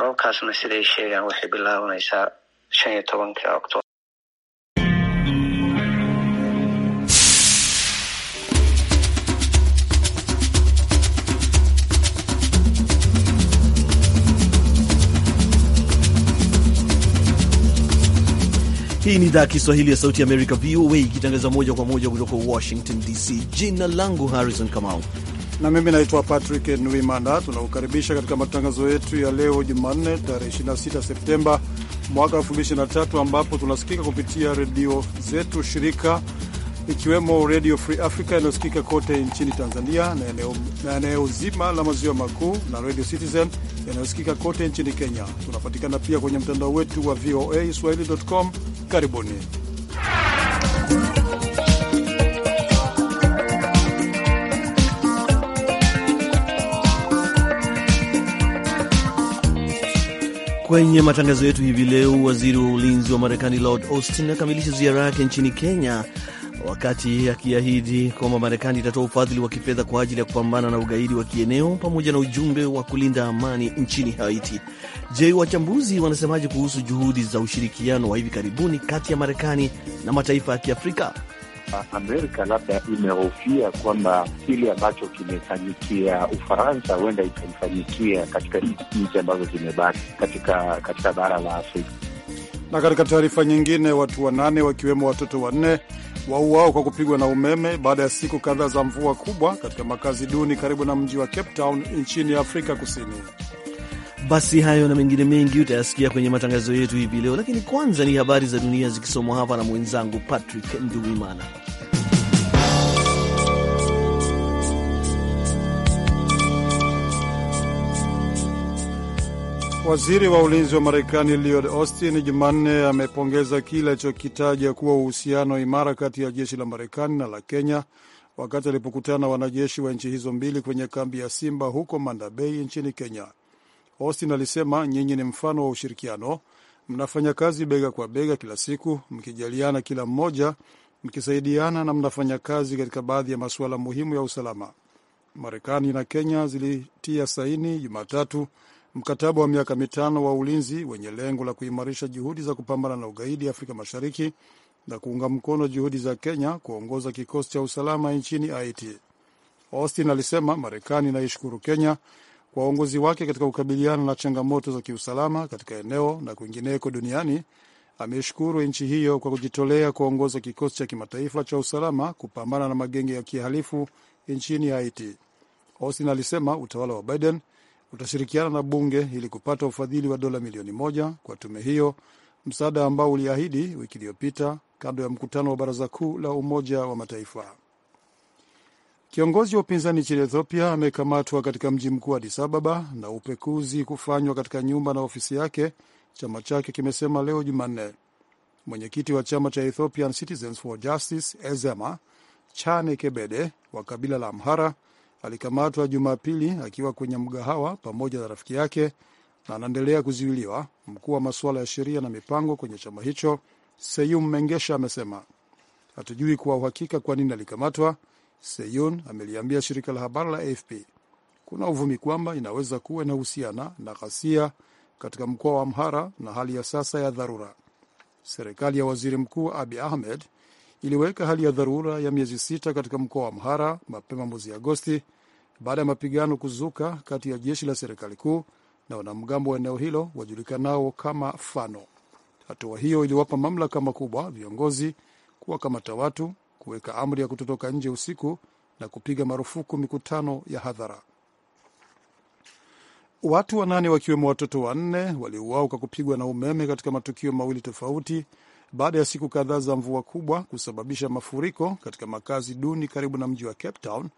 Roobkaasna siday sheegaan waxay bilaabanaysaa shan iyo tobanka octoobar Hii ni idhaa ya Kiswahili ya Sauti ya Amerika, VOA, ikitangaza moja kwa moja kutoka Washington DC. Jina langu Harrison Kamau na mimi naitwa Patrick Nwimana. Tunakukaribisha katika matangazo yetu ya leo Jumanne, tarehe 26 Septemba mwaka 2023 ambapo tunasikika kupitia redio zetu shirika ikiwemo Radio Free Africa inayosikika kote nchini Tanzania na eneo, zima la maziwa makuu na Radio Citizen yanayosikika kote nchini Kenya. Tunapatikana pia kwenye mtandao wetu wa VOA swahili.com. Karibuni Kwenye matangazo yetu hivi leo, waziri wa ulinzi wa Marekani Lord Austin akamilisha ziara yake nchini Kenya, wakati akiahidi kwamba Marekani itatoa ufadhili wa kifedha kwa ajili ya kupambana na ugaidi wa kieneo pamoja na ujumbe wa kulinda amani nchini Haiti. Je, wachambuzi wanasemaje kuhusu juhudi za ushirikiano wa hivi karibuni kati ya Marekani na mataifa ya Kiafrika? Amerika labda imehofia kwamba kile ambacho kimefanyikia Ufaransa huenda ikaifanyikia katika nchi ambazo zimebaki katika, katika bara la Afrika. Na katika taarifa nyingine, watu wanane wakiwemo watoto wanne wauao kwa kupigwa na umeme baada ya siku kadhaa za mvua kubwa katika makazi duni karibu na mji wa Cape Town nchini Afrika Kusini. Basi hayo na mengine mengi utayasikia kwenye matangazo yetu hivi leo, lakini kwanza ni habari za dunia zikisomwa hapa na mwenzangu Patrick Nduwimana. Waziri wa ulinzi wa Marekani Lloyd Austin Jumanne amepongeza kile alichokitaja kuwa uhusiano imara kati ya jeshi la Marekani na la Kenya wakati alipokutana wanajeshi wa nchi hizo mbili kwenye kambi ya Simba huko Mandabei nchini Kenya. Austin alisema nyinyi ni mfano wa ushirikiano, mnafanya kazi bega kwa bega kila siku, mkijaliana kila mmoja, mkisaidiana na mnafanya kazi katika baadhi ya masuala muhimu ya usalama. Marekani na Kenya zilitia saini Jumatatu mkataba wa miaka mitano wa ulinzi wenye lengo la kuimarisha juhudi za kupambana na ugaidi Afrika Mashariki na kuunga mkono juhudi za Kenya kuongoza kikosi cha usalama nchini Haiti. Austin alisema Marekani inaishukuru Kenya kwa uongozi wake katika kukabiliana na changamoto za kiusalama katika eneo na kwingineko duniani. Ameshukuru nchi hiyo kwa kujitolea kuongoza kikosi cha kimataifa cha usalama kupambana na magenge ya kihalifu nchini Haiti. Austin alisema utawala wa Biden utashirikiana na bunge ili kupata ufadhili wa dola milioni moja kwa tume hiyo, msaada ambao uliahidi wiki iliyopita kando ya mkutano wa baraza kuu la Umoja wa Mataifa. Kiongozi wa upinzani nchini Ethiopia amekamatwa katika mji mkuu Addis Ababa na upekuzi kufanywa katika nyumba na ofisi yake, chama chake kimesema leo Jumanne. Mwenyekiti wa chama cha Ethiopian Citizens for Justice EZEMA, Chane Kebede wa kabila la Amhara alikamatwa Jumapili akiwa kwenye mgahawa pamoja na rafiki yake na anaendelea kuzuiliwa. Mkuu wa masuala ya sheria na mipango kwenye chama hicho Seyum Mengesha amesema hatujui kwa uhakika kwa nini alikamatwa, Seyun ameliambia shirika la habari la AFP. Kuna uvumi kwamba inaweza kuwa inahusiana na ghasia katika mkoa wa Amhara na hali ya sasa ya dharura. Serikali ya waziri mkuu Abi Ahmed iliweka hali ya dharura ya miezi sita katika mkoa wa Amhara mapema mwezi Agosti baada ya mapigano kuzuka kati ya jeshi la serikali kuu na wanamgambo wa eneo hilo wajulikanao kama Fano. Hatua hiyo iliwapa mamlaka makubwa viongozi kuwakamata watu, kuweka amri ya kutotoka nje usiku na kupiga marufuku mikutano ya hadhara. Watu wanane wakiwemo watoto wanne waliuawa kwa kupigwa na umeme katika matukio mawili tofauti baada ya siku kadhaa za mvua kubwa kusababisha mafuriko katika makazi duni karibu na mji wa Cape Town.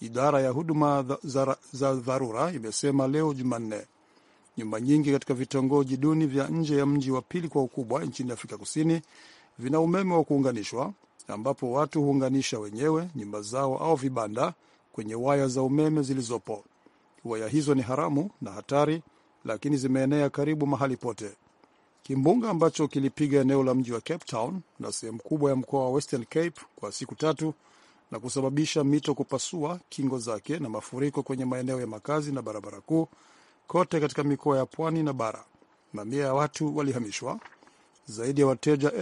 Idara ya huduma za dharura imesema leo Jumanne. Nyumba nyingi katika vitongoji duni vya nje ya mji wa pili kwa ukubwa nchini Afrika Kusini vina umeme wa kuunganishwa, ambapo watu huunganisha wenyewe nyumba zao au vibanda kwenye waya za umeme zilizopo. Waya hizo ni haramu na hatari, lakini zimeenea karibu mahali pote. Kimbunga ambacho kilipiga eneo la mji wa Cape Town na sehemu kubwa ya mkoa wa Western Cape kwa siku tatu na kusababisha mito kupasua kingo zake na mafuriko kwenye maeneo ya makazi na barabara kuu kote katika mikoa ya pwani na bara. Mamia ya watu walihamishwa. Zaidi ya wateja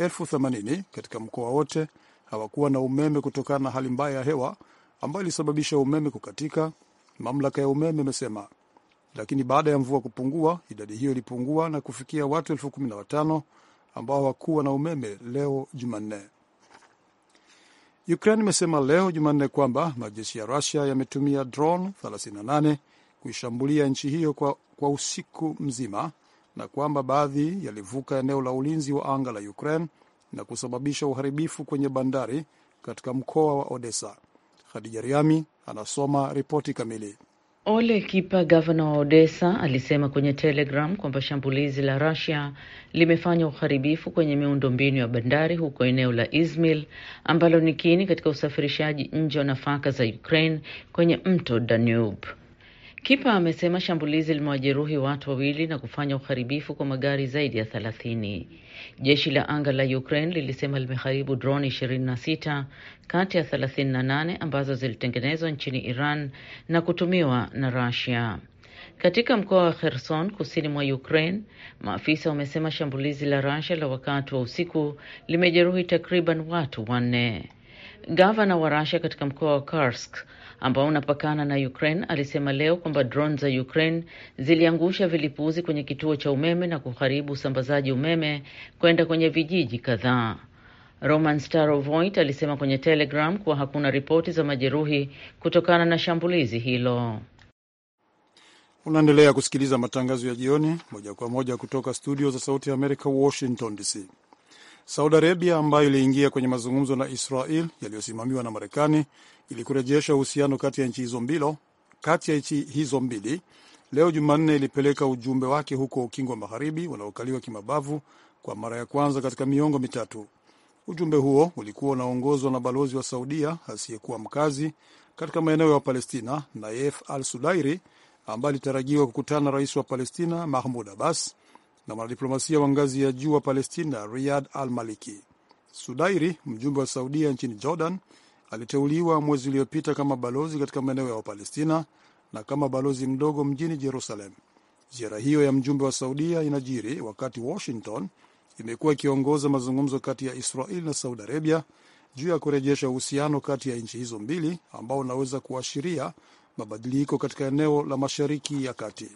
elfu themanini katika mkoa wote hawakuwa na umeme kutokana na hali mbaya ya hewa ambayo ilisababisha umeme kukatika, mamlaka ya umeme imesema. Lakini baada ya mvua kupungua, idadi hiyo ilipungua na kufikia watu elfu kumi na watano ambao hawakuwa na umeme leo Jumanne. Ukraine imesema leo Jumanne kwamba majeshi ya Rusia yametumia drone 38 kuishambulia nchi hiyo kwa, kwa usiku mzima na kwamba baadhi yalivuka eneo la ulinzi wa anga la Ukraine na kusababisha uharibifu kwenye bandari katika mkoa wa Odessa. Khadija Riami anasoma ripoti kamili. Ole Kipa, gavana wa Odessa, alisema kwenye Telegram kwamba shambulizi la Russia limefanya uharibifu kwenye miundombinu ya bandari huko eneo la Izmir ambalo ni kini katika usafirishaji nje wa nafaka za Ukraine kwenye mto Danube. Kipa amesema shambulizi limewajeruhi watu wawili na kufanya uharibifu kwa magari zaidi ya thelathini. Jeshi la anga la Ukraine lilisema limeharibu droni 26 kati ya 38 ambazo zilitengenezwa nchini Iran na kutumiwa na Russia. Katika mkoa wa Kherson kusini mwa Ukraine, maafisa wamesema shambulizi la Russia la wakati wa usiku limejeruhi takriban watu wanne. Gavana wa Russia katika mkoa wa Kursk ambao unapakana na Ukraine alisema leo kwamba drone za Ukraine ziliangusha vilipuzi kwenye kituo cha umeme na kuharibu usambazaji umeme kwenda kwenye vijiji kadhaa. Roman Starovoit alisema kwenye Telegram kuwa hakuna ripoti za majeruhi kutokana na shambulizi hilo. Unaendelea kusikiliza matangazo ya jioni moja kwa moja kutoka studio za Sauti ya Amerika, Washington DC. Saudi Arabia ambayo iliingia kwenye mazungumzo na Israel yaliyosimamiwa na Marekani ili kurejesha uhusiano kati ya nchi hizo mbili kati ya nchi hizo mbili leo Jumanne ilipeleka ujumbe wake huko Ukingo wa Magharibi unaokaliwa kimabavu kwa mara ya kwanza katika miongo mitatu. Ujumbe huo ulikuwa unaongozwa na balozi wa Saudia asiyekuwa mkazi katika maeneo ya Palestina, Nayef Al Sudairi, ambaye alitarajiwa kukutana na rais wa Palestina Mahmud Abbas na mwanadiplomasia wa ngazi ya juu wa Palestina Riyad Al Maliki. Sudairi, mjumbe wa Saudia nchini Jordan, aliteuliwa mwezi uliopita kama balozi katika maeneo ya Wapalestina na kama balozi mdogo mjini Jerusalem. Ziara hiyo ya mjumbe wa Saudia inajiri wakati Washington imekuwa ikiongoza mazungumzo kati ya Israel na Saudi Arabia juu ya kurejesha uhusiano kati ya nchi hizo mbili ambao unaweza kuashiria mabadiliko katika eneo la Mashariki ya Kati.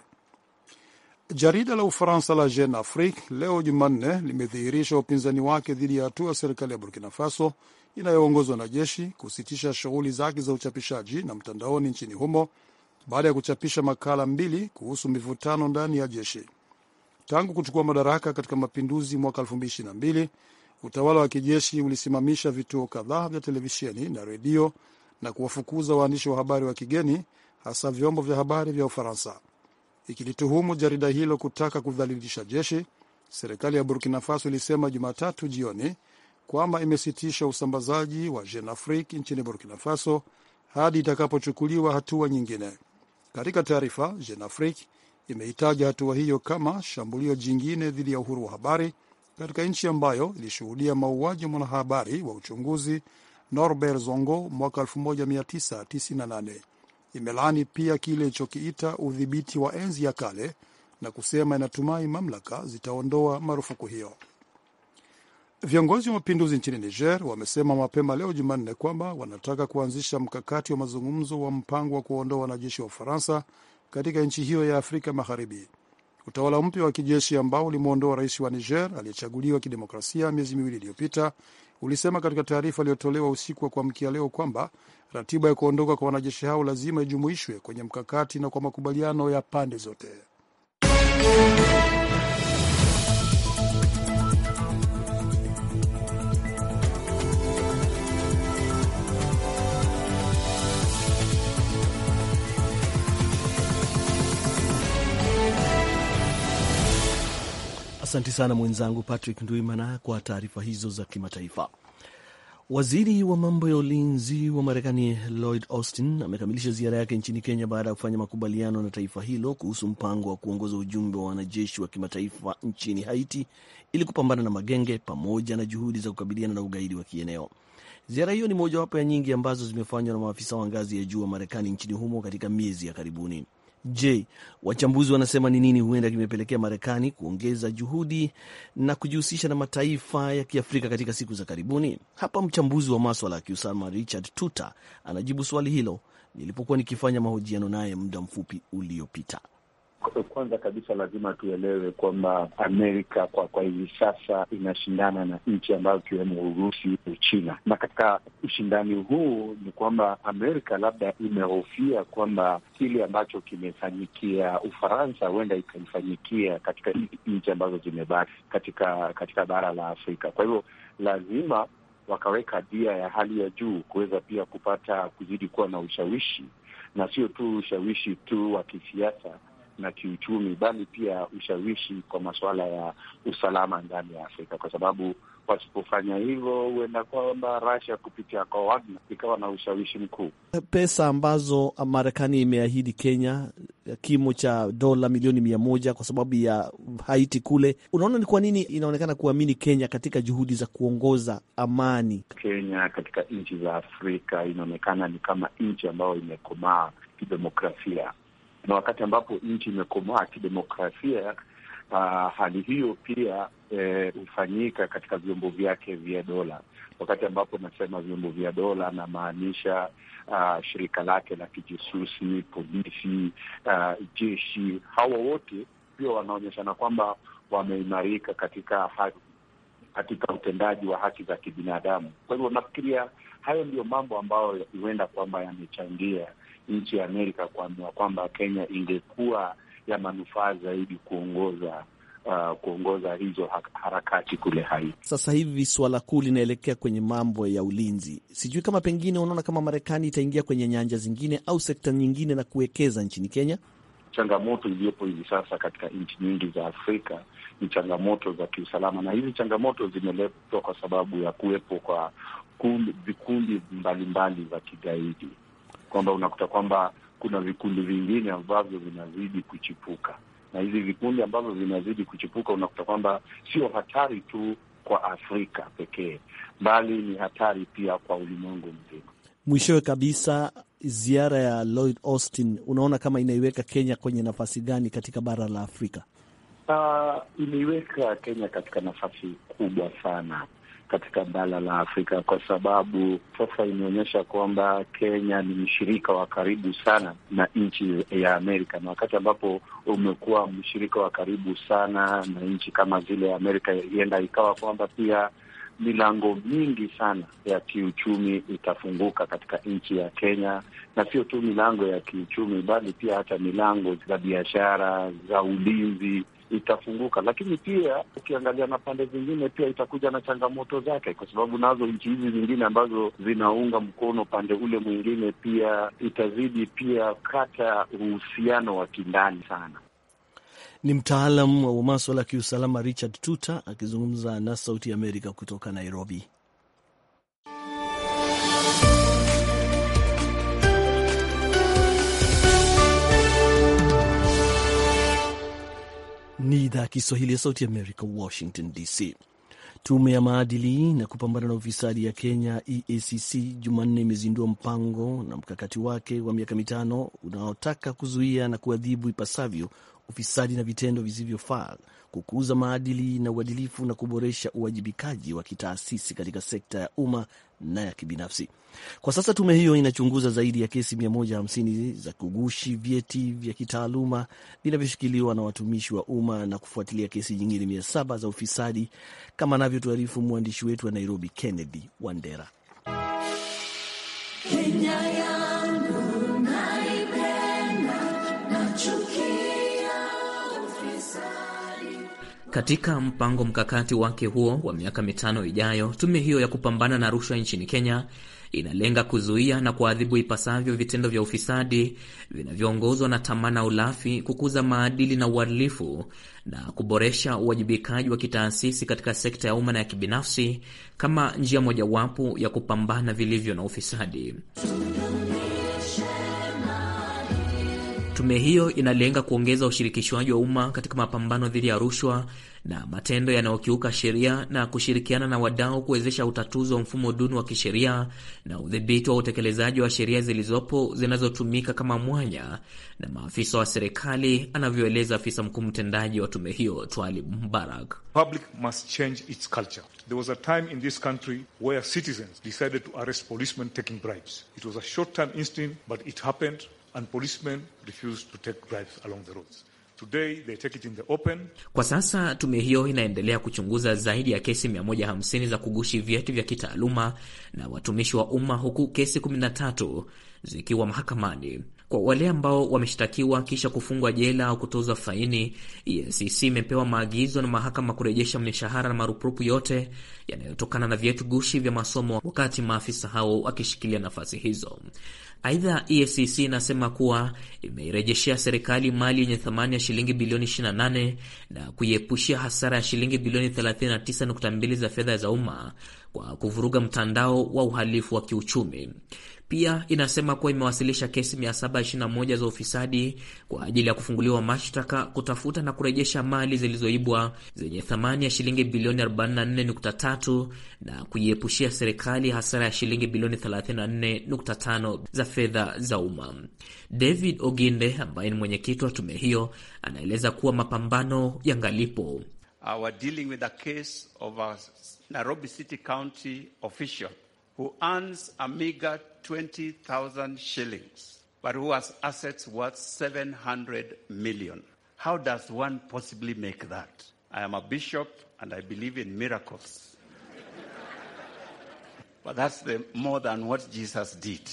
Jarida la Ufaransa la Jeune Afrique leo Jumanne limedhihirisha upinzani wake dhidi ya hatua ya serikali ya Burkina Faso inayoongozwa na jeshi kusitisha shughuli zake za uchapishaji na mtandaoni nchini humo baada ya kuchapisha makala mbili kuhusu mivutano ndani ya jeshi. Tangu kuchukua madaraka katika mapinduzi mwaka 2022 utawala wa kijeshi ulisimamisha vituo kadhaa vya televisheni na redio na kuwafukuza waandishi wa habari wa kigeni, hasa vyombo vya habari vya Ufaransa ikilituhumu jarida hilo kutaka kudhalilisha jeshi. Serikali ya Burkina Faso ilisema Jumatatu jioni kwamba imesitisha usambazaji wa jenafrik nchini Burkina Faso hadi itakapochukuliwa hatua nyingine. Katika taarifa, jenafrik imehitaja hatua hiyo kama shambulio jingine dhidi ya uhuru wa habari katika nchi ambayo ilishuhudia mauaji ya mwanahabari wa uchunguzi Norbert Zongo mwaka 1998 imelaani pia kile ilichokiita udhibiti wa enzi ya kale na kusema inatumai mamlaka zitaondoa marufuku hiyo. Viongozi wa mapinduzi nchini Niger wamesema mapema leo Jumanne kwamba wanataka kuanzisha mkakati wa mazungumzo wa mpango wa kuondoa wanajeshi wa Ufaransa katika nchi hiyo ya Afrika Magharibi. Utawala mpya wa kijeshi ambao ulimwondoa rais wa Niger aliyechaguliwa kidemokrasia miezi miwili iliyopita ulisema katika taarifa iliyotolewa usiku wa kuamkia leo kwamba Ratiba ya kuondoka kwa wanajeshi hao lazima ijumuishwe kwenye mkakati na kwa makubaliano ya pande zote. Asante sana mwenzangu Patrick Ndwimana kwa taarifa hizo za kimataifa. Waziri wa mambo ya ulinzi wa Marekani Lloyd Austin amekamilisha ziara yake nchini Kenya baada ya kufanya makubaliano na taifa hilo kuhusu mpango wa kuongoza ujumbe wa wanajeshi wa kimataifa nchini Haiti ili kupambana na magenge pamoja na juhudi za kukabiliana na ugaidi wa kieneo. Ziara hiyo ni mojawapo ya nyingi ambazo zimefanywa na maafisa wa ngazi ya juu wa Marekani nchini humo katika miezi ya karibuni. Je, wachambuzi wanasema ni nini huenda kimepelekea Marekani kuongeza juhudi na kujihusisha na mataifa ya Kiafrika katika siku za karibuni? Hapa mchambuzi wa maswala ya kiusalama Richard Tuta anajibu swali hilo nilipokuwa nikifanya mahojiano naye muda mfupi uliopita. Kwanza kabisa lazima tuelewe kwamba Amerika kwa kwa hivi sasa inashindana na nchi ambazo ikiwemo Urusi, Uchina, na katika ushindani huu ni kwamba Amerika labda imehofia kwamba kile ambacho kimefanyikia Ufaransa huenda ikaifanyikia katika nchi ambazo zimebaki katika katika bara la Afrika. Kwa hivyo lazima wakaweka dia ya hali ya juu kuweza pia kupata kuzidi kuwa na ushawishi na sio tu ushawishi tu wa kisiasa na kiuchumi, bali pia ushawishi kwa masuala ya usalama ndani ya Afrika, kwa sababu wasipofanya hivyo huenda kwamba Russia kupitia kwa Wagner ikawa na ushawishi mkuu. Pesa ambazo Marekani imeahidi Kenya, kimo cha dola milioni mia moja kwa sababu ya Haiti kule, unaona ni kwa nini inaonekana kuamini Kenya katika juhudi za kuongoza amani. Kenya katika nchi za Afrika inaonekana ni kama nchi ambayo imekomaa kidemokrasia na wakati ambapo nchi imekomaa kidemokrasia, uh, hali hiyo pia eh, hufanyika katika vyombo vyake vya dola. Wakati ambapo nasema vyombo vya dola, namaanisha uh, shirika lake la kijasusi, polisi, uh, jeshi. Hawa wote pia wanaonyeshana kwamba wameimarika katika haki, katika utendaji wa haki za kibinadamu. Kwa hivyo nafikiria hayo ndiyo mambo ambayo huenda kwamba yamechangia nchi ya Amerika kuamua kwamba Kenya ingekuwa ya manufaa zaidi kuongoza uh, kuongoza hizo harakati kule Haiti. Sasa hivi swala kuu linaelekea kwenye mambo ya ulinzi. Sijui kama pengine unaona kama Marekani itaingia kwenye nyanja zingine au sekta nyingine na kuwekeza nchini Kenya. Changamoto iliyopo hivi sasa katika nchi nyingi za Afrika ni changamoto za kiusalama, na hizi changamoto zimeletwa kwa sababu ya kuwepo kwa vikundi mbalimbali vya kigaidi kwamba unakuta kwamba kuna vikundi vingine ambavyo vinazidi kuchipuka, na hivi vikundi ambavyo vinazidi kuchipuka unakuta kwamba sio hatari tu kwa Afrika pekee, bali ni hatari pia kwa ulimwengu mzima. Mwishowe kabisa, ziara ya Lloyd Austin, unaona kama inaiweka Kenya kwenye nafasi gani katika bara la Afrika? Uh, imeiweka Kenya katika nafasi kubwa sana katika bara la Afrika, kwa sababu sasa imeonyesha kwamba Kenya ni mshirika wa karibu sana na nchi ya Amerika, na wakati ambapo umekuwa mshirika wa karibu sana na nchi kama zile ya Amerika, ienda ikawa kwamba pia milango mingi sana ya kiuchumi itafunguka katika nchi ya Kenya, na sio tu milango ya kiuchumi, bali pia hata milango za biashara, za ulinzi itafunguka, lakini pia ukiangalia na pande zingine pia itakuja na changamoto zake, kwa sababu nazo nchi hizi zingine ambazo zinaunga mkono pande ule mwingine pia itazidi pia kata uhusiano wa kindani sana. Ni mtaalam wa maswala ya kiusalama Richard Tuta akizungumza na Sauti ya Amerika kutoka Nairobi. Ni idhaa ya Kiswahili ya Sauti Amerika, Washington DC. Tume ya maadili na kupambana na ufisadi ya Kenya, EACC, Jumanne imezindua mpango na mkakati wake wa miaka mitano unaotaka kuzuia na kuadhibu ipasavyo ufisadi na vitendo visivyofaa kukuza maadili na uadilifu na kuboresha uwajibikaji wa kitaasisi katika sekta ya umma na ya kibinafsi. Kwa sasa tume hiyo inachunguza zaidi ya kesi 150 za kugushi vyeti vya kitaaluma vinavyoshikiliwa na watumishi wa umma na kufuatilia kesi nyingine 700 za ufisadi, kama anavyotuarifu mwandishi wetu wa Nairobi, Kennedy Wandera. Kenya. Katika mpango mkakati wake huo wa miaka mitano ijayo, tume hiyo ya kupambana na rushwa nchini Kenya inalenga kuzuia na kuadhibu ipasavyo vitendo vya ufisadi vinavyoongozwa na tamaa na ulafi, kukuza maadili na uadilifu na kuboresha uwajibikaji wa kitaasisi katika sekta ya umma na ya kibinafsi kama njia mojawapo ya kupambana vilivyo na ufisadi. Tume hiyo inalenga kuongeza ushirikishwaji wa umma katika mapambano dhidi ya rushwa na matendo yanayokiuka sheria na kushirikiana na wadau kuwezesha utatuzi wa mfumo duni wa kisheria na udhibiti wa utekelezaji wa sheria zilizopo zinazotumika kama mwanya na maafisa wa serikali, anavyoeleza afisa mkuu mtendaji wa tume hiyo Twali Mbarak. Public must change its culture. There was a time in this country where citizens decided to arrest policemen taking bribes. It was a short-term but it happened and policemen refuse to take bribes along the roads. Today, they take it in the open. Kwa sasa tume hiyo inaendelea kuchunguza zaidi ya kesi 150 za kugushi vyeti vya kitaaluma na watumishi wa umma huku kesi 13 zikiwa mahakamani. Kwa wale ambao wameshtakiwa kisha kufungwa jela au kutozwa faini, EACC imepewa maagizo na mahakama kurejesha mishahara na marupurupu yote yanayotokana na vyeti gushi vya masomo, wakati maafisa hao wakishikilia nafasi hizo. Aidha, EFCC inasema kuwa imeirejeshea serikali mali yenye thamani ya shilingi bilioni 28 na kuiepushia hasara ya shilingi bilioni 39.2 za fedha za umma kwa kuvuruga mtandao wa uhalifu wa kiuchumi. Pia inasema kuwa imewasilisha kesi 721 za ufisadi kwa ajili ya kufunguliwa mashtaka, kutafuta na kurejesha mali zilizoibwa zenye thamani ya shilingi bilioni 44.3 na kuiepushia serikali hasara ya shilingi bilioni 34.5 za fedha za umma. David Oginde ambaye ni mwenyekiti wa tume hiyo anaeleza kuwa mapambano yangalipo. Our dealing with the case of a Nairobi City County official who earns a meager 20,000 shillings, but who has assets worth 700 million. How does one possibly make that? I am a bishop and I believe in miracles. but that's the, more than what Jesus did.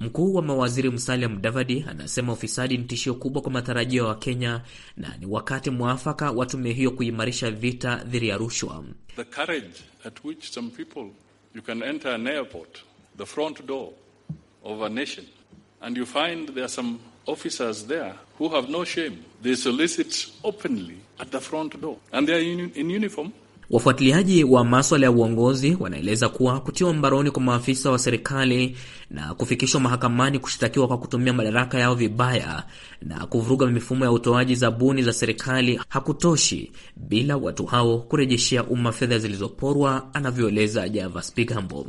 Mkuu wa mawaziri Musalia Mudavadi anasema ufisadi ni tishio kubwa kwa matarajio wa Kenya na ni wakati mwafaka wa tume hiyo kuimarisha vita dhidi ya rushwa. The courage at which some people You can enter an airport, the front door of a nation, and you find there are some officers there who have no shame. They solicit openly at the front door, and they are in, in uniform. Wafuatiliaji wa maswala ya uongozi wanaeleza kuwa kutiwa mbaroni kwa maafisa wa serikali na kufikishwa mahakamani kushtakiwa kwa kutumia madaraka yao vibaya na kuvuruga mifumo ya utoaji zabuni za serikali hakutoshi bila watu hao kurejeshea umma fedha zilizoporwa, anavyoeleza Javas Bigambo.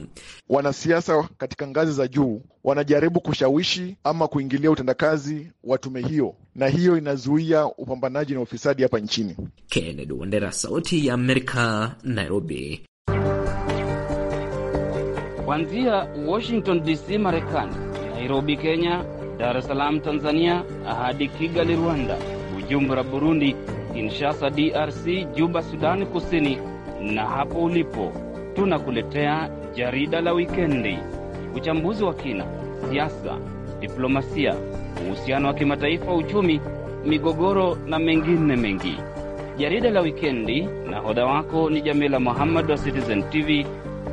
Wanasiasa katika ngazi za juu wanajaribu kushawishi ama kuingilia utendakazi wa tume hiyo na hiyo inazuia upambanaji na ufisadi hapa nchini. Kennedy Wandera, Sauti ya Amerika, Nairobi. Kuanzia Washington DC, Marekani, Nairobi, Kenya, Dar es Salaam, Tanzania, hadi Kigali, Rwanda, Bujumbura, Burundi, Kinshasa, DRC, Juba, Sudani Kusini, na hapo ulipo tunakuletea jarida la wikendi, uchambuzi wa kina, siasa, diplomasia uhusiano wa kimataifa, uchumi, migogoro na mengine mengi. Jarida la wikendi, nahodha wako ni Jamila Muhammad wa Citizen TV,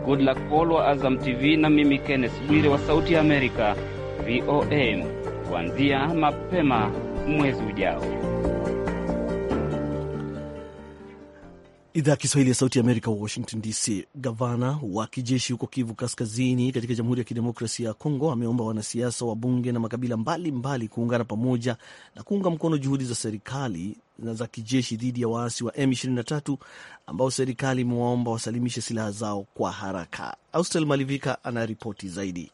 Goodluck Paul wa Azam TV na mimi Kenneth Bwire wa Sauti ya Amerika VOA, kuanzia mapema mwezi ujao. Idhaa ya Kiswahili ya Sauti ya Amerika, Washington DC. Gavana wa kijeshi huko Kivu Kaskazini katika Jamhuri ya Kidemokrasia ya Kongo ameomba wanasiasa wa bunge na makabila mbalimbali mbali kuungana pamoja na kuunga mkono juhudi za serikali na za kijeshi dhidi ya waasi wa M23 ambao serikali imewaomba wasalimishe silaha zao kwa haraka. Austel Malivika ana ripoti zaidi.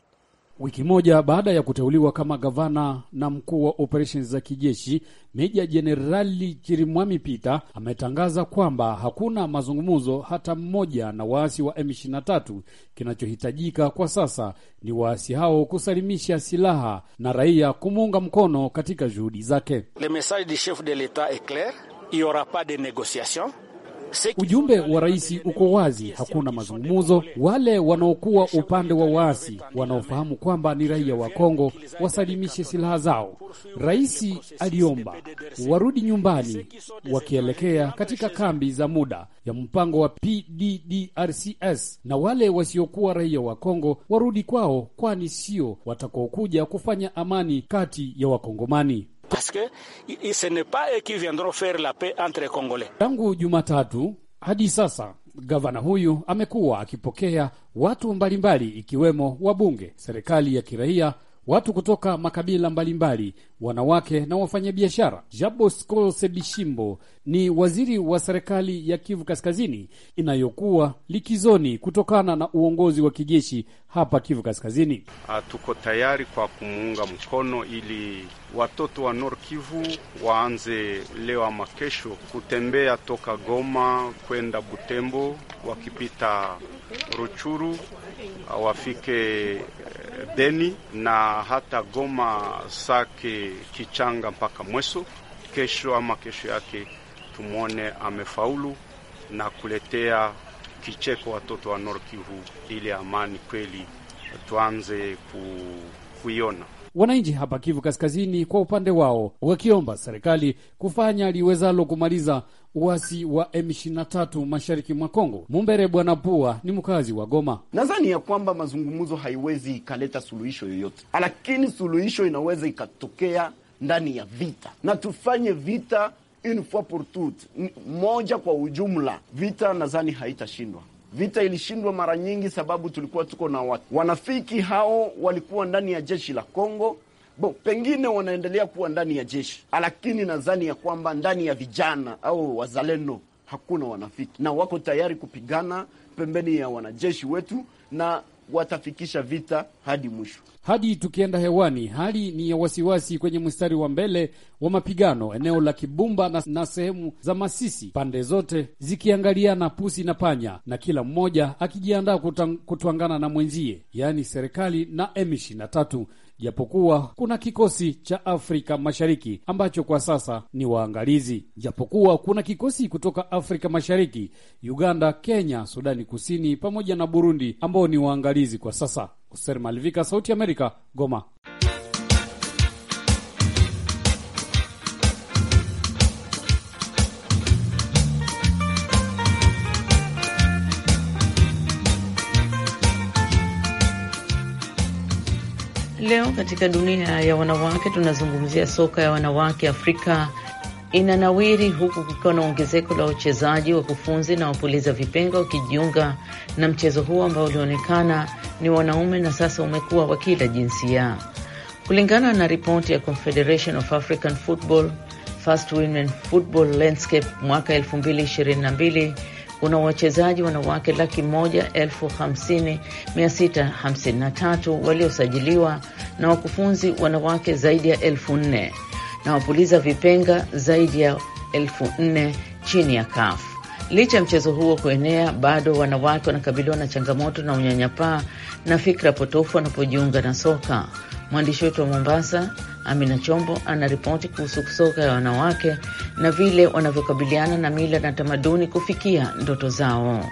Wiki moja baada ya kuteuliwa kama gavana na mkuu wa operesheni za kijeshi, meja jenerali Chirimwami Peter ametangaza kwamba hakuna mazungumzo hata mmoja na waasi wa M23. Kinachohitajika kwa sasa ni waasi hao kusalimisha silaha na raia kumuunga mkono katika juhudi zake. Le message du chef de l'etat est clair, il aura pas de negociation Ujumbe wa rais uko wazi, hakuna mazungumzo. Wale wanaokuwa upande wa waasi wanaofahamu kwamba ni raia wa Kongo wasalimishe silaha zao. Rais aliomba warudi nyumbani, wakielekea katika kambi za muda ya mpango wa PDDRCS, na wale wasiokuwa raia wa Kongo warudi kwao, kwani sio watakaokuja kufanya amani kati ya Wakongomani parce que ce n'est pas eux qui viendront faire la paix entre Congolais. Tangu Jumatatu hadi sasa gavana huyu amekuwa akipokea watu mbalimbali, ikiwemo wabunge, serikali ya kiraia, watu kutoka makabila mbalimbali wanawake na wafanyabiashara. Jabosco Sebishimbo ni waziri wa serikali ya Kivu Kaskazini inayokuwa likizoni kutokana na uongozi wa kijeshi hapa Kivu Kaskazini. Tuko tayari kwa kumuunga mkono ili watoto wa Nor Kivu waanze leo ama kesho kutembea toka Goma kwenda Butembo, wakipita Ruchuru wafike eh, Beni na hata Goma Sake Kichanga mpaka Mweso. Kesho ama kesho yake tumwone amefaulu na kuletea kicheko watoto wa Nord Kivu, ile amani kweli tuanze kuiona. Wananchi hapa Kivu Kaskazini kwa upande wao wakiomba serikali kufanya liwezalo kumaliza uasi wa M23 mashariki mwa Kongo. Mumbere Bwana Pua ni mkazi wa Goma. Nadhani ya kwamba mazungumzo haiwezi ikaleta suluhisho yoyote, lakini suluhisho inaweza ikatokea ndani ya vita, na tufanye vita une fois pour toutes, moja kwa ujumla. Vita nadhani haitashindwa. Vita ilishindwa mara nyingi, sababu tulikuwa tuko na watu wanafiki. Hao walikuwa ndani ya jeshi la Kongo, bo pengine wanaendelea kuwa ndani ya jeshi, lakini nadhani ya kwamba ndani ya vijana au wazalendo hakuna wanafiki na wako tayari kupigana pembeni ya wanajeshi wetu na watafikisha vita hadi mwisho. Hadi tukienda hewani, hali ni ya wasiwasi kwenye mstari wa mbele wa mapigano, eneo la Kibumba na, na sehemu za Masisi, pande zote zikiangaliana pusi na panya, na kila mmoja akijiandaa kutwangana na mwenzie, yaani serikali na M23 japokuwa kuna kikosi cha Afrika Mashariki ambacho kwa sasa ni waangalizi, japokuwa kuna kikosi kutoka Afrika Mashariki, Uganda, Kenya, Sudani Kusini pamoja na Burundi ambao ni waangalizi kwa sasa. Hoser Malivika, Sauti Amerika, Goma. leo katika dunia ya wanawake tunazungumzia soka ya wanawake Afrika inanawiri huku kukiwa na ongezeko la wachezaji, wakufunzi na wapuliza vipenga wakijiunga na mchezo huo ambao ulionekana ni wanaume na sasa umekuwa wa kila jinsia. Kulingana na ripoti ya Confederation of African Football Women Football Landscape mwaka kuna wachezaji wanawake laki moja elfu hamsini mia sita hamsini na tatu waliosajiliwa na wakufunzi wanawake zaidi ya elfu nne na wapuliza vipenga zaidi ya elfu nne chini ya kafu. Licha ya mchezo huo kuenea, bado wanawake wanakabiliwa na changamoto na unyanyapaa na fikra potofu wanapojiunga na soka. Mwandishi wetu wa Mombasa, Amina Chombo, anaripoti kuhusu soka ya wanawake na vile wanavyokabiliana na mila na tamaduni kufikia ndoto zao.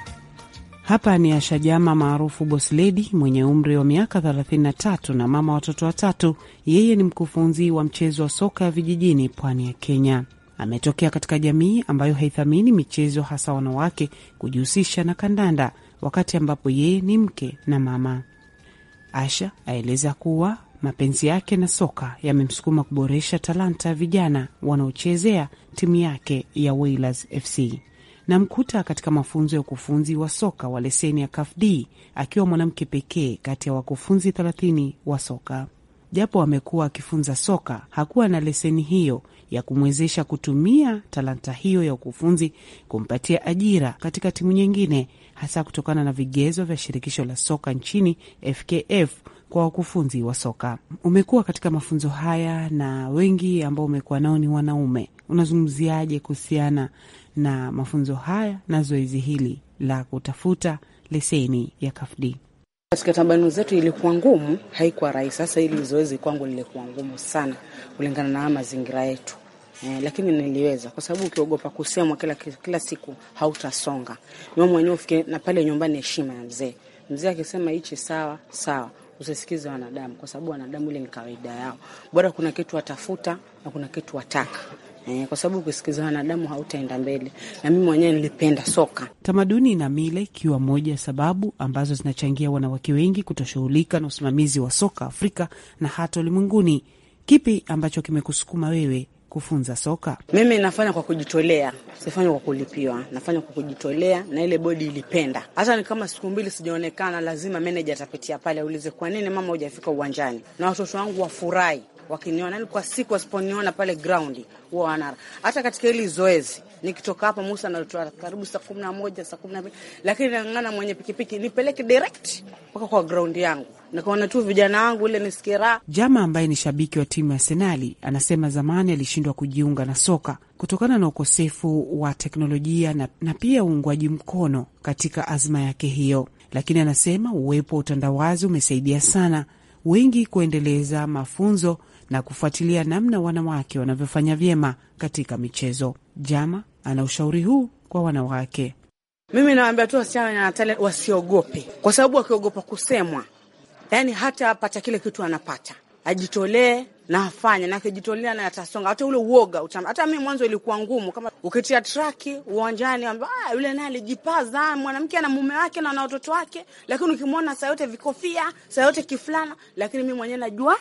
Hapa ni Asha Jama maarufu bosledi mwenye umri wa miaka 33 na mama watoto watatu. Yeye ni mkufunzi wa mchezo wa soka ya vijijini pwani ya Kenya. Ametokea katika jamii ambayo haithamini michezo, hasa wanawake kujihusisha na kandanda, wakati ambapo yeye ni mke na mama. Asha aeleza kuwa Mapenzi yake na soka yamemsukuma kuboresha talanta ya vijana wanaochezea timu yake ya Wailers FC. Namkuta katika mafunzo ya ukufunzi wa soka wa leseni ya CAFD akiwa mwanamke pekee kati ya wakufunzi 30 wa soka. Japo amekuwa akifunza soka, hakuwa na leseni hiyo ya kumwezesha kutumia talanta hiyo ya ukufunzi kumpatia ajira katika timu nyingine, hasa kutokana na vigezo vya shirikisho la soka nchini FKF kwa wakufunzi wa soka. Umekuwa katika mafunzo haya na wengi ambao umekuwa nao ni wanaume, unazungumziaje kuhusiana na mafunzo haya na zoezi hili la kutafuta leseni ya CAFD? Katika tamaduni zetu ilikuwa ngumu, haikuwa rahisi. Sasa hili zoezi kwangu lilikuwa ngumu sana kulingana na mazingira yetu eh, lakini niliweza, kwa sababu ukiogopa kusemwa kila, kila siku hautasonga. Ni mwenyewe ufike na pale nyumbani heshima ya mzee. Mzee akisema hichi sawa sawa, usisikize wanadamu, kwa sababu wanadamu ile ni kawaida yao, bora kuna kitu watafuta na kuna kitu wataka eh, kwa sababu ukisikiza wanadamu hautaenda mbele. Na mimi mwenyewe nilipenda soka. Tamaduni na mila ikiwa moja ya sababu ambazo zinachangia wanawake wengi kutoshughulika na usimamizi wa soka Afrika na hata ulimwenguni. Kipi ambacho kimekusukuma wewe kufunza soka. Mimi nafanya kwa kujitolea, sifanya kwa kulipiwa, nafanya kwa kujitolea, na ile bodi ilipenda. Hata ni kama siku mbili sijaonekana, lazima meneja atapitia pale aulize, kwa nini mama hujafika uwanjani, na watoto wangu wafurahi wakiniona, yani kwa siku wasiponiona pale ground huwa wanara. Hata katika hili zoezi nikitoka hapa Musa natoa karibu saa kumi na moja saa kumi na mbili lakini nang'ana mwenye pikipiki nipeleke direct mpaka kwa ground yangu nikaona tu vijana wangu ile nisikie raha. Jama ambaye ni shabiki wa timu ya Arsenali anasema zamani alishindwa kujiunga na soka kutokana na ukosefu wa teknolojia na, na pia uungwaji mkono katika azma yake hiyo, lakini anasema uwepo wa utandawazi umesaidia sana wengi kuendeleza mafunzo na kufuatilia namna wanawake wanavyofanya vyema katika michezo. Jama ana ushauri huu kwa wanawake. Mimi nawaambia tu wasichana na talent wasiogope, kwa sababu wakiogopa kusemwa, yani hata apata kile kitu anapata, ajitolee na afanye na akijitolea na atasonga. Hata ule uoga utam, hata mi mwanzo ilikuwa ngumu, kama ukitia traki uwanjani, amba ah, yule naye alijipaza, mwanamke ana mume wake na na watoto wake, lakini ukimwona saa yote vikofia, saa yote kifulana, lakini mi mwenyewe najua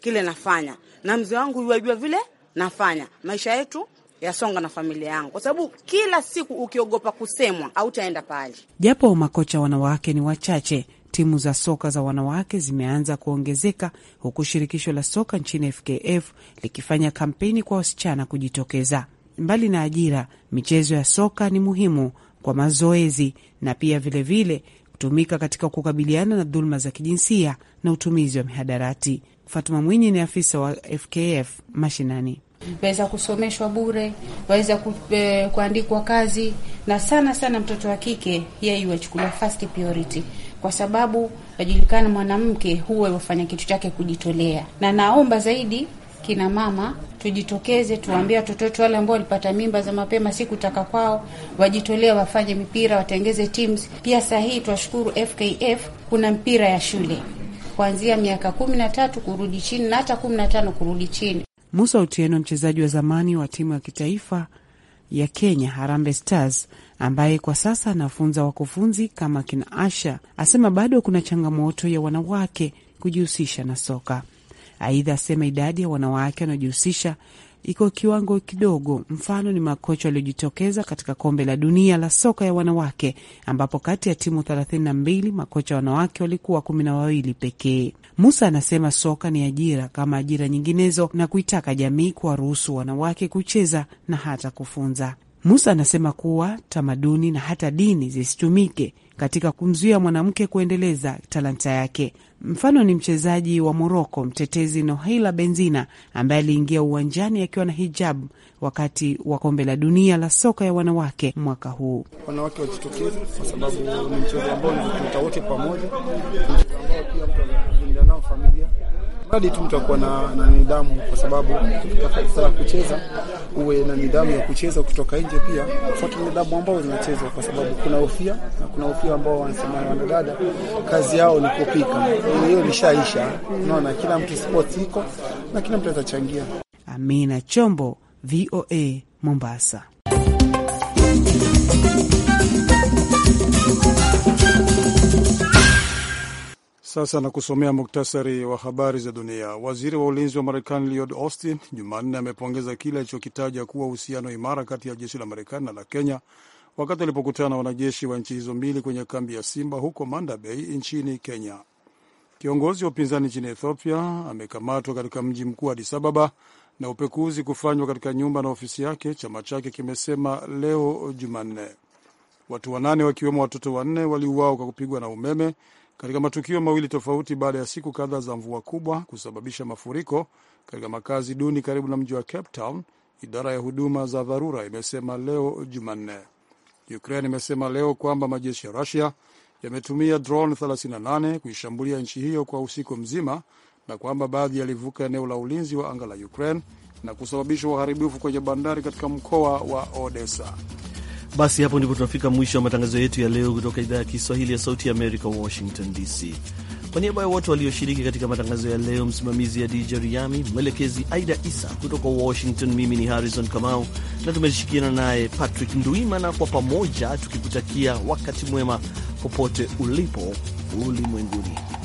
kile nafanya, na mzee wangu yuajua vile nafanya. Maisha yetu yasonga na familia yangu, kwa sababu kila siku ukiogopa kusemwa hautaenda pale. Japo makocha wanawake ni wachache, timu za soka za wanawake zimeanza kuongezeka, huku shirikisho la soka nchini FKF likifanya kampeni kwa wasichana kujitokeza. Mbali na ajira, michezo ya soka ni muhimu kwa mazoezi na pia vilevile vile, kutumika katika kukabiliana na dhuluma za kijinsia na utumizi wa mihadarati. Fatuma Mwinyi ni afisa wa FKF mashinani. Waweza kusomeshwa bure, waweza ku, e, kuandikwa kazi, na sana sana mtoto wa kike yeye iwachukuliwa first priority, kwa sababu wajulikana mwanamke huwa wafanya kitu chake kujitolea, na naomba zaidi kina mama tujitokeze, tuwaambie watoto wetu wale ambao walipata mimba za mapema, si kutaka kwao, wajitolea wafanye mipira, watengeze teams. Pia sahii hii twashukuru FKF, kuna mpira ya shule kuanzia miaka kumi na tatu kurudi chini na hata kumi na tano kurudi chini. Musa Otieno, mchezaji wa zamani wa timu ya kitaifa ya Kenya Harambee Stars, ambaye kwa sasa anafunza wakufunzi kama kina Asha, asema bado kuna changamoto ya wanawake kujihusisha na soka. Aidha asema idadi ya wanawake wanaojihusisha iko kiwango kidogo. Mfano ni makocha waliojitokeza katika kombe la dunia la soka ya wanawake, ambapo kati ya timu 32 makocha wanawake walikuwa kumi na wawili pekee. Musa anasema soka ni ajira kama ajira nyinginezo, na kuitaka jamii kuwaruhusu wanawake kucheza na hata kufunza. Musa anasema kuwa tamaduni na hata dini zisitumike katika kumzuia mwanamke kuendeleza talanta yake. Mfano ni mchezaji wa Moroko, mtetezi Noheila Benzina ambaye aliingia uwanjani akiwa na hijabu wakati wa kombe la dunia la soka ya wanawake mwaka huu. Wanawake wajitokeze kwa sababu ni mchezo ambao unatuta wote pamoja, ambao pia mtu nao familia mradi tu mtu akuwa na, na nidhamu, kwa sababu ukitaka ya kucheza uwe na nidhamu ya kucheza. kutoka nje pia ufuate nidhamu ambao zinachezwa, kwa sababu kuna hofia na kuna hofia ambao wanasema wanadada kazi yao ni kupika. Hiyo ilishaisha. unaona. Kila mtu sports iko na kila mtu atachangia. Amina Chombo, VOA Mombasa. Sasa kusomea muktasari wa habari za dunia. Waziri wa ulinzi wa Marekani Lloyd Austin Jumanne amepongeza kile alichokitaja kuwa uhusiano imara kati ya jeshi la Marekani na la Kenya wakati alipokutana na wanajeshi wa nchi hizo mbili kwenye kambi ya Simba huko Manda Bay nchini Kenya. Kiongozi wa upinzani nchini Ethiopia amekamatwa katika mji mkuu Addis Ababa na upekuzi kufanywa katika nyumba na ofisi yake, chama chake kimesema leo Jumanne. Watu wanane wakiwemo watoto wanne waliuawa kwa kupigwa na umeme katika matukio mawili tofauti baada ya siku kadhaa za mvua kubwa kusababisha mafuriko katika makazi duni karibu na mji wa Cape Town, idara ya huduma za dharura imesema leo Jumanne. Ukraine imesema leo kwamba majeshi ya Rusia yametumia drone 38 kuishambulia nchi hiyo kwa usiku mzima na kwamba baadhi yalivuka eneo la ulinzi wa anga la Ukraine na kusababisha uharibifu kwenye bandari katika mkoa wa Odessa. Basi hapo ndipo tunafika mwisho wa matangazo yetu ya leo kutoka idhaa ya Kiswahili ya Sauti ya Amerika, Washington DC. Kwa niaba ya wote walioshiriki katika matangazo ya leo, msimamizi ya DJ Riami, mwelekezi Aida Isa kutoka Washington, mimi ni Harrison Kamau na tumeshikiana naye Patrick Nduimana, kwa pamoja tukikutakia wakati mwema popote ulipo ulimwenguni.